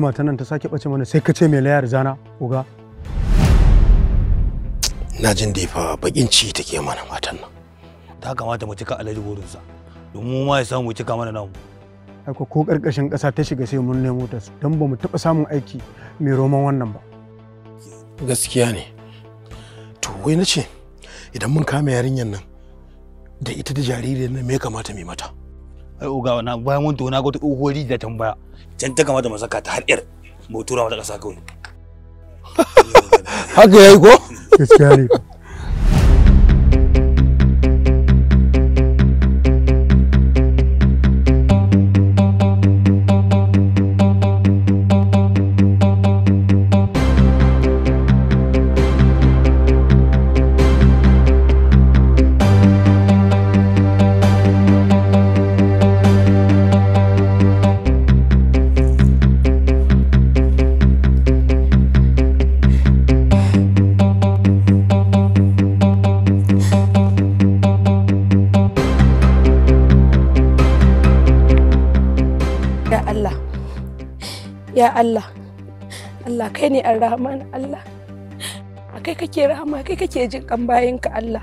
da matan nan ta sake bace mana sai ka ce mai layar zana uga na jin da fa bakin ci take mana matan nan ta kamata mu cika gurin sa domin mu ma ya samu mu cika mana namu aiko ko karkashin kasa ta shiga sai mun nemo ta don ba mu taba samun aiki mai roman wannan ba gaskiya ne to wai na ce idan mun kame yarinyar nan da ita da jaririn nan me kamata mai mata oga wannan bayan mun tona ga tsohuwar da can baya can ta kamata mu saka ta har yar mu tura mata kasa kawai haka yayi ko gaskiya ne Allah Allah kai ne arrahman Allah a kai kake rahama kai kake jin kan ka Allah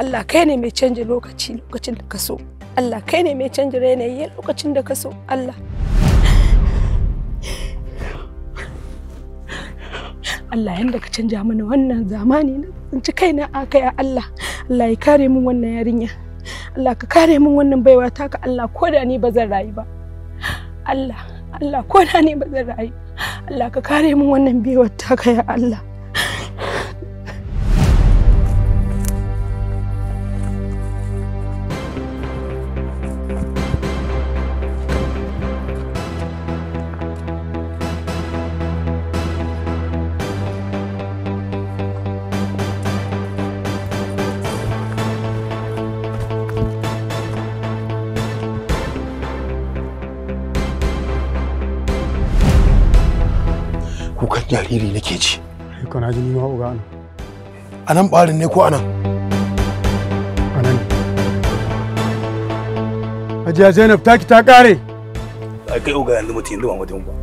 Allah kai ne mai canja lokaci lokacin da ka so Allah kai ne mai canja yanayi lokacin da ka so Allah Allah yanda ka canja mana wannan zamani na tsinci kaina a kai a Allah Allah ya kare min wannan yarinya Allah ka kare min wannan baiwa taka Allah ko da ni ba zan rayu ba Allah Allah ko na ne ba zan rayu Allah ka kare min wannan bewar taka ya Allah jariri nake ji kana ji ma uga ana anan barin ne ko anan anan Hajiya Zainab taki ta kare kai uga yanzu mutum yanzu ba mutum ba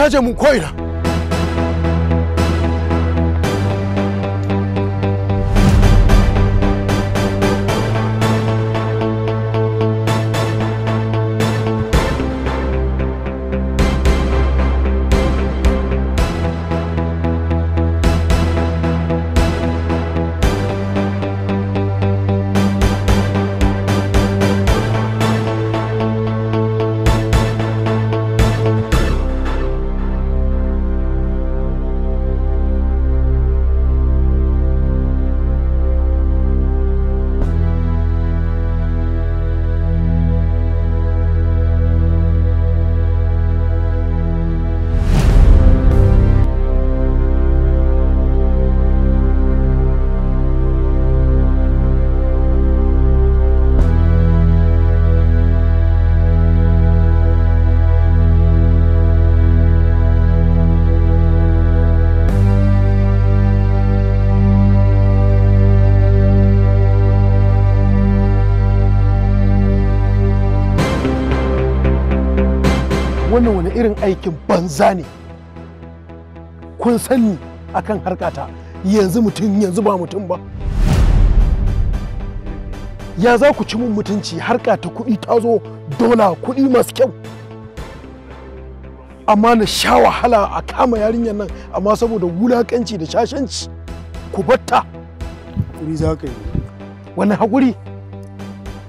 他叫穆奎了。aikin banza ne kun sani akan harkata yanzu mutum yanzu ba mutum ba ya za ku ci mun mutunci harka ta kuɗi ta zo dola kuɗi masu kyau amma na sha wahala a kama yarinyar nan amma saboda wulakanci da shashanci ku batta hakuri za ka yi wannan hakuri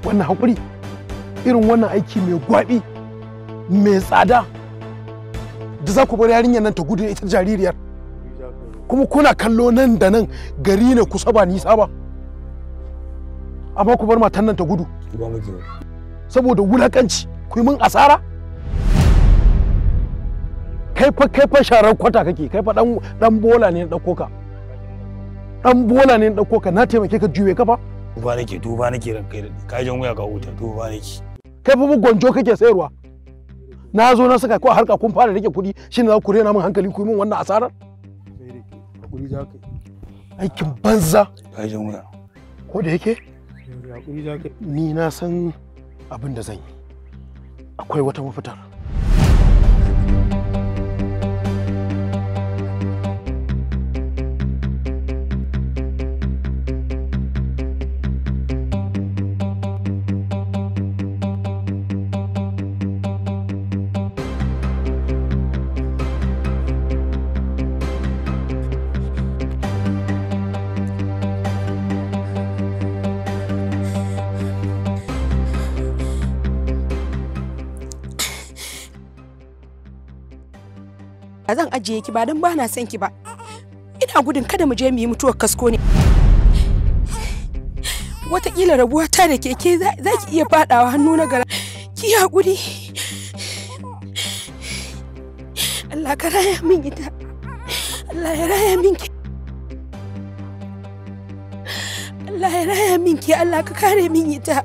wannan hakuri irin wannan aiki mai gwaɓi mai tsada da za ku bar yarinyar nan ta gudu ita jaririyar kuma kuna kallo nan da nan gari ne kusa ba nisa ba amma ku bar matan nan ta gudu saboda wulakanci ku yi min asara kai fa kai fa sharar kwata kake kai fa dan bola ne na dauko ka dan bola ne na dauko ka na taimake ka juye kafa duba nake duba nake ran kai jan wuya ka wuta duba nake kai fa gonjo kake sayarwa na zo na saka ko a harka kun fara rike kuɗi shine za ku rena min hankali ku yi min wannan asarar aikin banza ko da yake ni na san abin da zan yi akwai wata mafitar ba zan ajiye ki ba don ba na son ki ba ina gudun kada mu je mu yi mutuwar kasko ne watakila rabuwa ta da keke za ki iya fadawa hannu na gara ki hakuri Allah ka raya min ita Allah ya raya min ki Allah ya raya min ki Allah ka kare min ita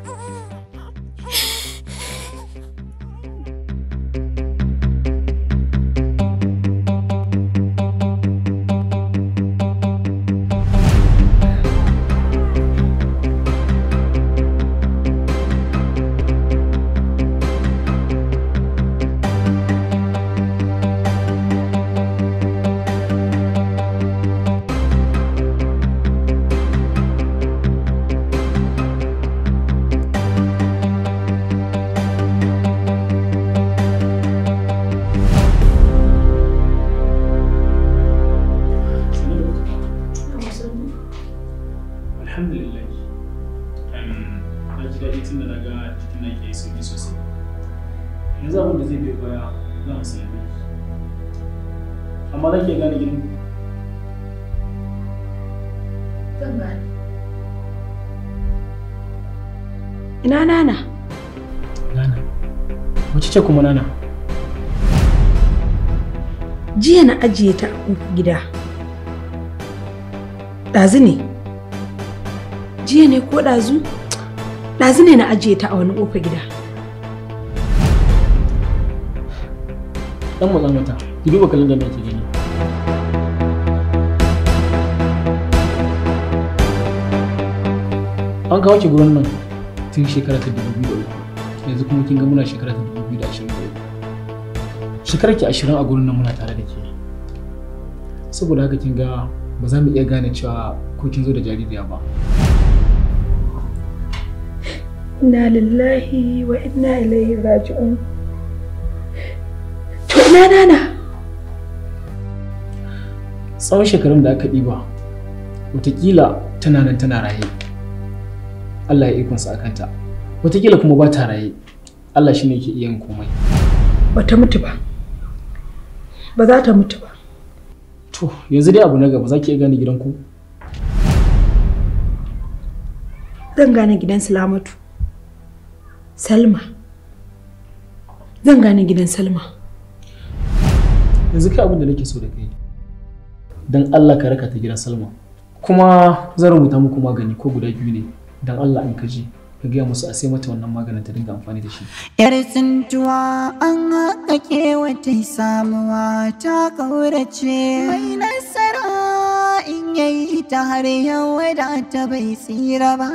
amma zan iya gane gidan ina nana nana wace ce kuma nana jiya na ajiye ta a gida ɗazu ne jiya ne ko ɗazu ɗazu ne na ajiye ta a wani ƙofa gida ɗan mazan wata ki duba kalandar da ke gani kawo ki gurin nan tun shekara ta dubu biyu da uku yanzu kuma kin ga muna shekara ta dubu biyu da ashirin da uku shekarar ki ashirin a gurin nan muna tare da ke saboda haka kin ga ba za mu iya gane cewa ko kin zo da jaririya ba inna lillahi wa inna ilaihi raji'un to ina nana tsawon shekarun da aka ɗiba watakila tana nan tana raye Allah ya ikonsa a kanta wataƙila kuma ba ta raye Allah shi ne ke iya yin komai ba ta mutu ba ba za ta mutu ba to yanzu dai abu na gaba za ki iya gane gidanku zan gane gidan salamatu salma zan gane gidan salma yanzu kai abin da nake so da kai don allah ka raka ta gidan salma kuma zan rubuta muku magani ko guda biyu ne dan Allah in kaji, ka gaya musu a sai mata wannan maganin ta dinga amfani da shi. Yar tsintuwa an haƙa kewata samuwa ta ƙaurace mai nasara in yayi ta har yau wadata bai tsira ba.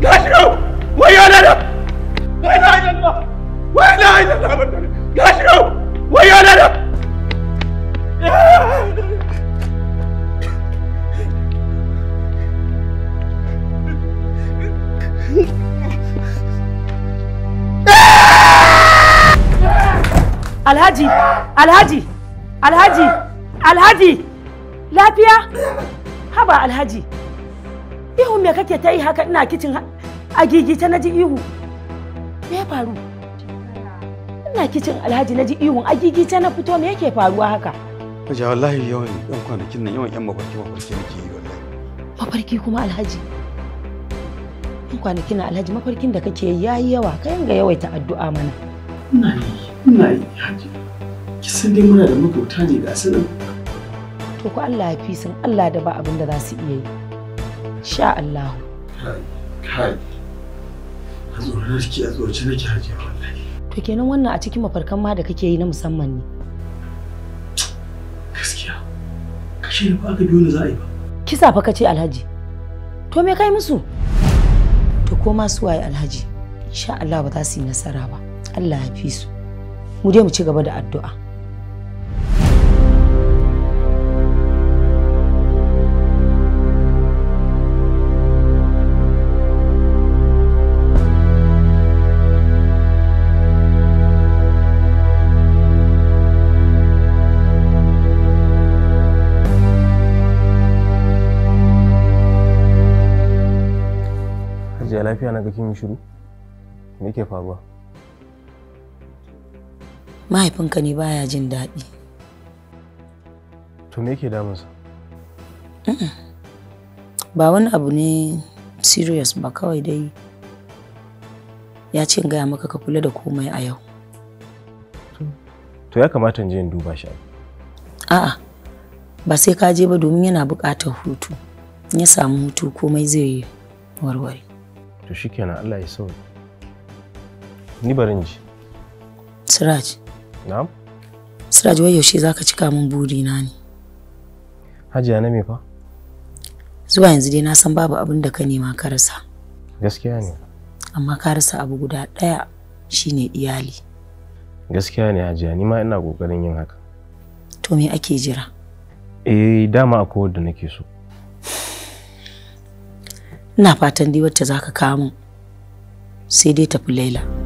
Gashi Wai yana da! Wai na Wai na alhaji alhaji alhaji alhaji lafiya haba alhaji ihu me kake ta yi haka ina kicin agigi ta naji ihu me faru ina kicin alhaji naji ihun agigi ta na fito me yake faruwa haka Kaja wallahi yawan ɗan kwanakin nan yawan yan mafarki mafarki nake yi wallahi mafarki kuma alhaji Ɗan kwanakin alhaji mafarkin da kake yayi yawa kai ga yawaita addu'a mana ina Kuna yi haji. Ki san dai muna da makota ne ga sanin nan. To ku Allah ya fi sun Allah da ba abin da za su iya yi. Sha Allah. Kai, kai. A tsoron ki a tsorace nake hajiya wallahi. To kenan wannan a cikin mafarkan ma da kake yi na musamman ne. Gaskiya. Kashe ba aka biyo ni za a yi ba. Kisa fa kace Alhaji. To me kai musu? To ko ma su waye Alhaji. Insha Allah ba za su yi nasara ba. Allah ya fi su. mu je mu ci gaba da addu'a lafiya na ga kin shiru me ke faruwa mahaifinka ne baya jin daɗi to me yake damunsa ba wani abu ne serious ba kawai dai ya ce gaya maka ka kula da komai a yau to ya kamata in je in duba shi a'a ba sai ka je ba domin yana buƙatar hutu ya samu hutu komai zai yi warware to shikenan Allah ya sauya ni barin ji siraj Na'am. Siraj wai yaushe zaka cika min burina ne? Hajiya na me fa? Zuwa yanzu dai na san babu abin da ka nema ka rasa. Gaskiya ne. Amma ka rasa abu guda ɗaya shine iyali. Gaskiya ne Hajiya, ni ma ina kokarin yin haka. To me ake jira? Eh, dama akwai wanda nake so. Ina fatan dai wacce zaka kawo min. Sai dai tafi Laila.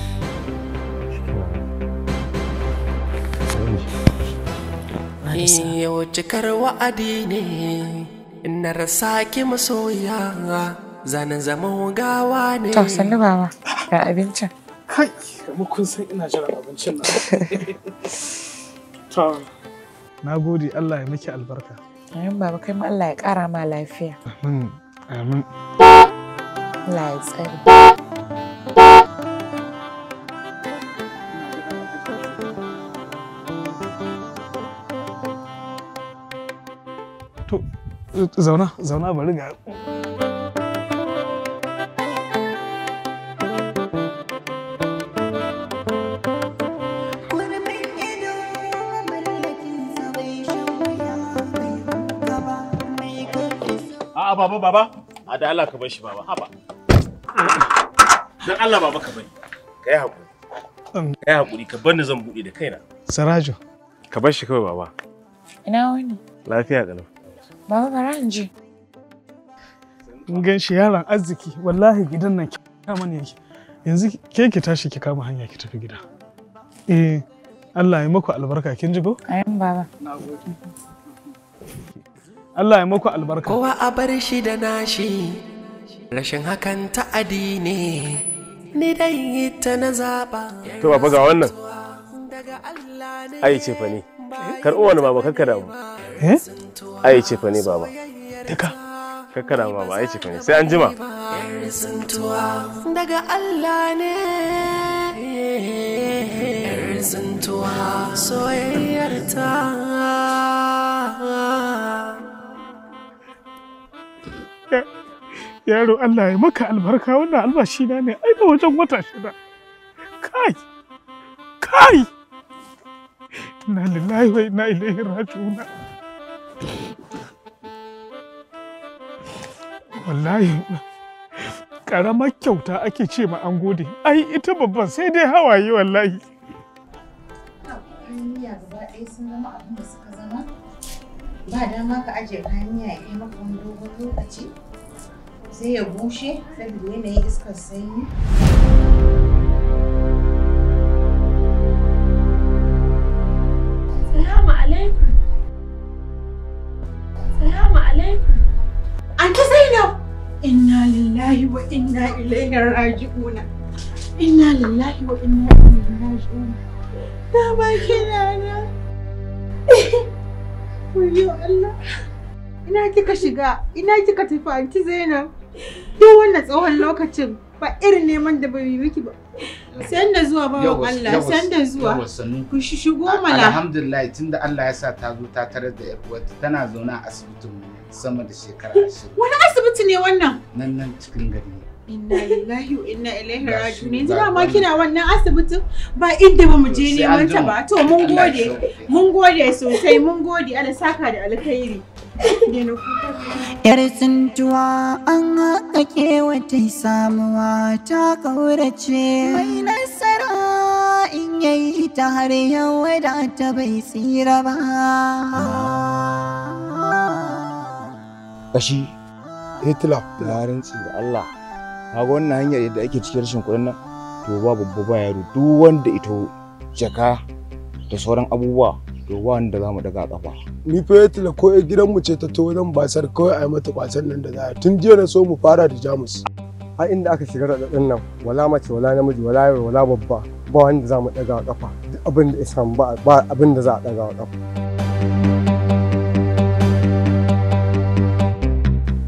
cikar wa'adi ne na rasa ki masoya zanen zama gawa ne to sannu baba ga abincin hai kun san ina jiran abincin na to na gode Allah ya miki albarka amin baba kai ma Allah ya kara ma lafiya amin amin Allah ya tsare zauna zauna bari ga A'a baba baba a da Allah ka bar shi baba haba dan Allah baba ka bar kai hakuri um. kai hakuri ka bar ni zan bude da kaina Sarajo ka bar shi kawai baba ina wani lafiya galau Baba bara in ji. In gan shi yaron arziki wallahi gidan nan kama ne yake. Yanzu ke ki tashi ki kama hanya ki tafi gida. Eh Allah ya maku albarka kin ji ko? Ayin baba. Allah ya maku albarka. Kowa a bar shi da nashi rashin hakan ta'adi ne. Ni dai ta na zaba. To baba ga wannan. Ai ce fa ne. karɓo wani baba kakka damu eh? ai ce fa ne baba Daga kakka damu baba ai ce fa ne sai an jima daga Allah ne soyayyar ta yaro Allah ya maka albarka wannan albashi na ne ai ba wajen wata shida kai kai inna lillahi wa inna ilaihi raji'un wallahi karamar kyauta ake ce ma an gode ai ita babban sai dai hawaye wallahi miya gaba ɗaya sun zama abin da suka zama ba dama ka ajiye kayan miya ya yi maka wani dogon lokaci sai ya bushe saboda yanayin iskar sanyi inna lillahi wa inna ilaihi raji'un inna lillahi wa inna ilaihi raji'un da ba kina na Wayo Allah ina kika shiga ina kika tafi anti Zainab duk wannan tsohon lokacin ba irin neman da bai yi miki ba Sanda zuwa bawan Allah, sanda zuwa. Ku shigo mana. Alhamdulillah tunda Allah ya sa ta zo ta tarar da tana zaune a asibitin sama da shekara ashirin. Wani asibiti ne wannan? Nan nan cikin gari. Inna lillahi wa inna ilaihi raji'un. Yanzu da ma kina wannan asibitin ba inda ba mu je neman ta ba. To mun gode. Mun gode sosai, mun gode. Allah saka da alkhairi. Yar tsintuwa an haƙa kewace samuwa ta ƙaurace. Mai nasara in yayi ta har yau wadata bai tsira ba. Kashi, Hitler, Larenci da Allah, haga wannan hanyar yadda ake cikin rashin kuɗin nan, to ba babba ba yaro duk wanda ito jaka da sauran abubuwa ruwan ba wanda za mu daga kafa ni fa ya tila ko gidan mu ce ta to wajen basar kawai a yi mata kwasan nan da za tun jiya na so mu fara da jamus Har inda aka shiga raɗaɗin nan wala mace wala namiji wala yaro wala babba ba wanda za mu daga kafa duk abin da ya samu ba abin da za a daga kafa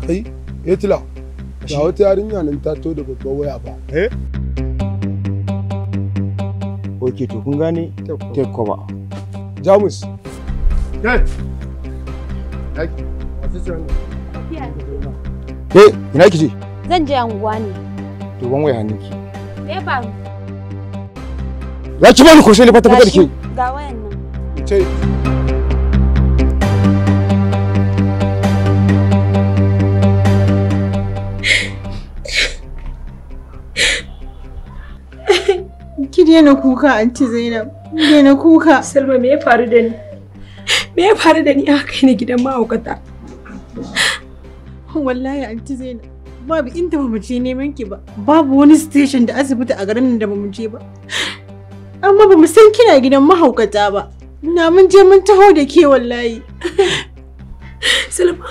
kai ya tila ga wata yarinya nan ta to da babbar waya ba eh ok to kun gane take ba. Jamus. Kai. Kai. Ke, eh, ina kije? Zan je anguwa ne. To ban waya hannunki. Eh ba. Ya ci bani kurshe ne fata fata dake. Ga wayan nan. Ce. Ki daina kuka anti Zainab. Me na kuka? Salma me ya faru da ni? Me ya faru da ni aka ni gidan mahaukata? Wallahi anti Zainab babu inda ba mu je neman ki ba. Babu wani station da asibiti a garin nan da ba mu je ba. Amma ba mu san kina gidan mahaukata ba. Na mun je mun taho da ke wallahi. Salma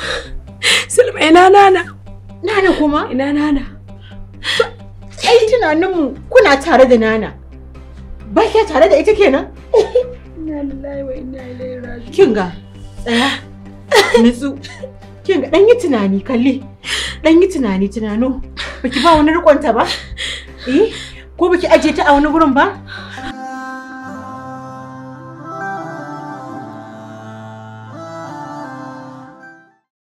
Salma ina nana. Nana kuma? Ina nana. Ai tunaninmu kuna tare da nana. ba ke tare da ita kenan inna lillahi wa inna ilaihi raji'un kin ga tsaya nutsu kin ga dan yi tunani kalli dan yi tunani tunano baki ba wani rikonta ba eh ko baki aje ta a wani gurin ba